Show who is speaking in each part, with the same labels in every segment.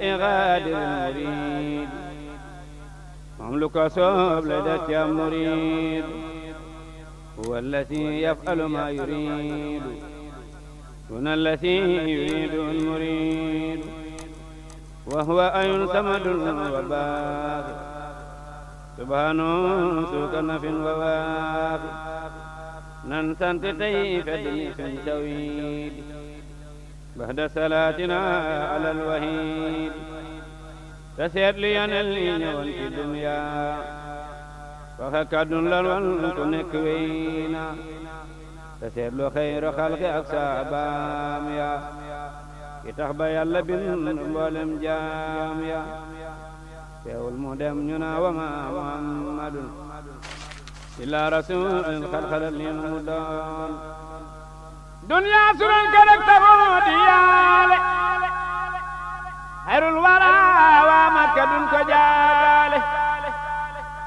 Speaker 1: غادر المريد مملك صوب لدى مريد هو الذي يفعل ما يريد هنا الذي يريد المريد وهو أين ثمد وباغ سبحان سوك نف وواغ ننسان تتيف ديف تويد بعد صلاتنا على الوحيد te seetlu yonel yi ñëwoon ci dunya waxe kàddun lan wan ku nekk wey na
Speaker 2: te seetlu xeyru xalqi ak saabaam ya ki tax ba yàlla bind mboolem jaam ya
Speaker 1: teewul mu dem ñu na wa ma muhammadun illa rasulun xalxalal lin mu doon dunya suran karak taboo diya ga duñ ko jaale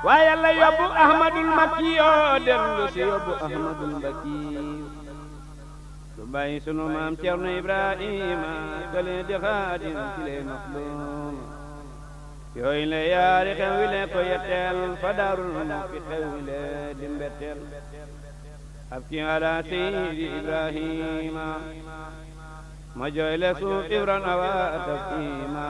Speaker 1: waaye yàlla yóbbu ahmadul makki yoo dellu si yóbbu ahmadul mbakki lu bàyyi sunu maam cerno ibrahima yaari xew wi ko yetteel fa daarul fi xew wi le di mbetteel ab seydi ibrahima ma jooy le suuf ibran awa tafkima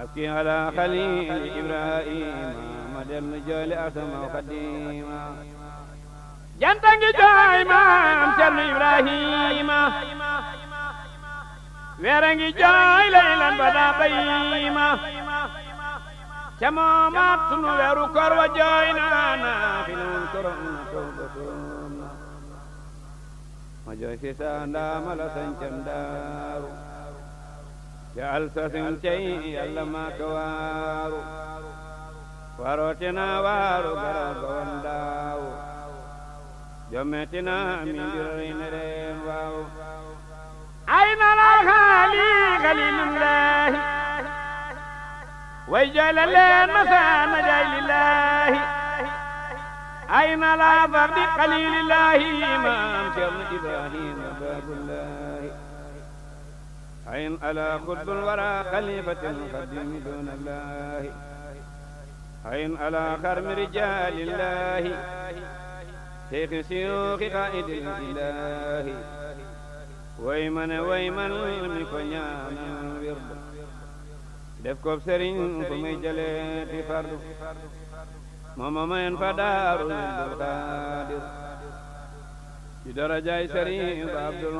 Speaker 1: أبكي على خليل إبراهيم أحمد بن جول أسمى قديما جنتك جايما أمشر إبراهيم ويرنك جاي ليلا بدا قيما كما ماتن ويركر وجاينا نافل كرم توبتون ما جاي سيسان دامل سنجن دارو jaal sasin cey yalla maa ka waaru warootina waaru gara gawan daawu jommetina mi ngirine reen waawu ayna alhaali galilillahi way jalaleen masaana jaay lillahi ayna la fardi qalilillahi imam ceerno ibrahima baabullahi عين على خلد الورى خليفة القديم دون الله عين على خرم رجال الله شيخ سيوخ قائد الإله ويمن ويمن mi ko ñaanal wirdu def ko sëriñ fu muy jëlee di fardu mooma fa daarul Abdul Xaadir ci darajaay sëriñ ba Abdul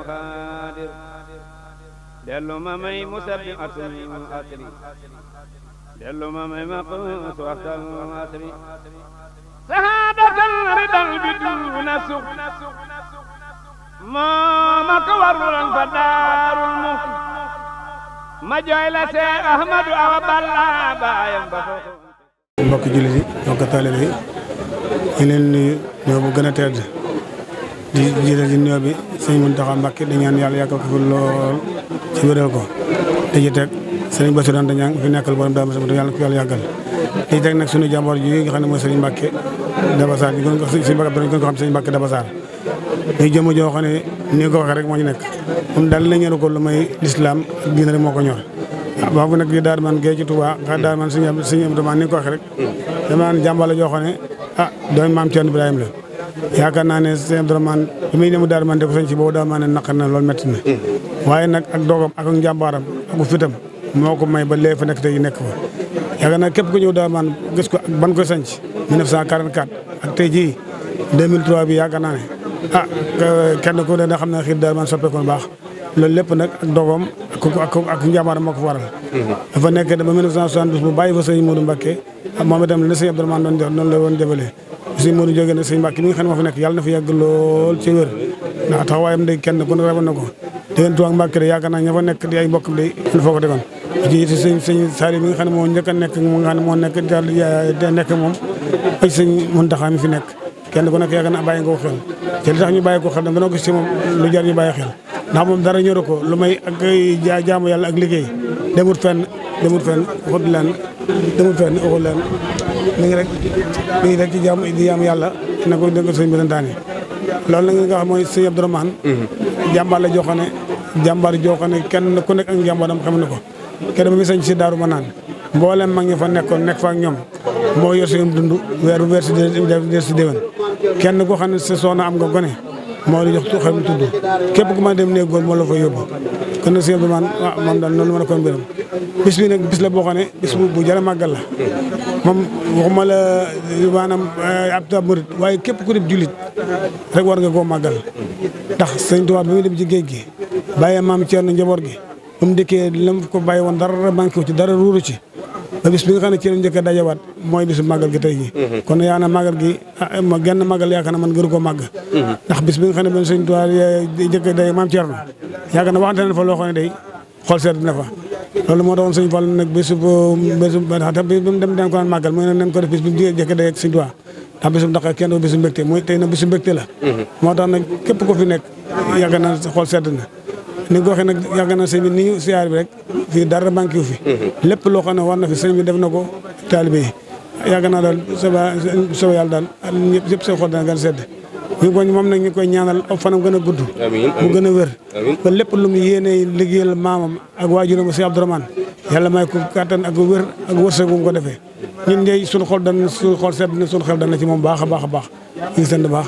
Speaker 1: dellu ma may musabbi atul asri dellu ma may maqus waxtal asri sahaabatan ridal bi duna suq moo ma ko waruloon fa daarul mukti ma jooy la ahmadu awa balla baayam ba
Speaker 2: mbokk jullit yi mbokk taalibe yi ñu leen ñoo bu gën a tedd di jiital ci nuyoo bi sëñ Mountakha Mbacké di ñaan yàlla yàggal ko fi lool ci wéral ko di ci teg sëñ Bassirou Anta Niang fi nekkal borom a yàlla ko yàlla yàggal. di ci teg nag sunu jàmboor ji nga xam ne mooy sëñ Mbacké Dabassar ñu gën ko suñu mbokk yi gën ko xam sëñ Mbacké Dabassar. muy joo xam ne ni ko waxee rek moo ñu nekk moom daal la ñor ko lu may lislaam ak diine rek moo ko ñor. waaw boobu nag di daal man gee ci Touba nga daal man suñu suñu ni nga ko waxee rek dama naan jàmbaar la joo xam ne ah doomu maam Thierno Ibrahima la yaakaar naa ne sëñ Abdourahmane bi muy ne mu daal man de ko sañ si boobu daal maa ne na loolu métti na waaye nag ak doogam ak njàmbaaram ak fitam moo ko may ba lee fa nekk tey nekk fa yaakaar naa képp ku ñëw daal man gis ko ak ban koy sañ 1944 ak tey jii 2003 bi yaakaar naa ne ah kenn ku ne da xam ne xiir daal man soppeeku baax loolu lépp nag ak dogoom ak moo ko waral dafa nekk ba 1972 mu la sëñ Abdourahmane doon sëñ Modou jóge na sëñ Mbàkke mi nga xam ne moo fi nekk yàlla na fi yàgg lool ci wér ndax taxawaayam day kenn ku ne rafet na ko déwén tuwaag Mbàkke de yaakaar naa ña fa nekk di ay mbokkam moo njëkk a nekk mu nga xam ne moo nekk mi fi nekk kenn ku nekk yaakaar naa bàyyi nga ko xel te li tax ñu bàyyi ko xel dana ko gis ci moom lu jar ñu bàyyi xel ndax moom dara ñoro ko lu may ak ja jaamu ak liggéey demut fenn demut fenn waxut leen demut fenn mi ngi rek mi ngi jàmm di yam yàlla na ko dégg sëñ bi santaane loolu nag nga xam mooy sëñ Abdourahmane mhm. jàmbaar la joxone jàmbaar joxone kenn ku nekk ak jàmbaaram xam na ko kenn mi sëñ si daaru ma naan mboolem ma ngi fa nekkoon nekk fa ak ñoom moo yor seen dundu weer weer si déwén kenn ko xam ne sa soxna am nga gone moo la jox tu xam tudd képp ku ma dem néeg góor moo la fa yóbbu kon nag sëñ bi man ah, man daal noonu mën a koy mbiram bis bi nag bis la boo xam ne bis bu bu jar a màggal la moom waxuma la maanaam eh, ab tab waaye képp ku dib jullit rek war nga koo màggal ndax sëñ Tuubaa bi muy dem ci géej gi bàyyee maam Cerno njaboot gi ba di dëkkee lam ko bàyyi woon dara manqué wu ci dara ruuru ci ba bis bi nga xam ne ci lañ njëkk a dajawaat mooy bisu màggal gi mhm. na màggal ah, na mhm. eh, a day maam Cerno yaakaar na waxante nañ fa loo xam ne xool seet na fa loolu moo taxoon sëñ Fall nag bisu bisu te bis bi mu dem mooy ne bis bi mu njëkk mooy tey na bisu mbégte la mhm. moo tax nag képp ko fi nekk yaakaar na xool sedd na ni ko waxee nag yàgg na sëñ bi ni ñu siyaar bi rek fii dara banque yu fi mhm. lépp loo xam ne war na fi sëñ bi def na ko taalibe yi yàgg naa daal saba saba yàlla daal ñëpp yëpp seen xol dana gën a sedd moom nag ñu koy ñaanal aw fanam gën a gudd mu gën a wér lépp lu mu yéenee liggéeyal maamam ak waajuram sëñ Abdourahmane yàlla may ko kattan ak wér ak wërsëg mu ko defee ñun ñooy suñu xol dan suñu xol sedd na suñu xel na ci moom baax a baax a baax ñu ngi sant baax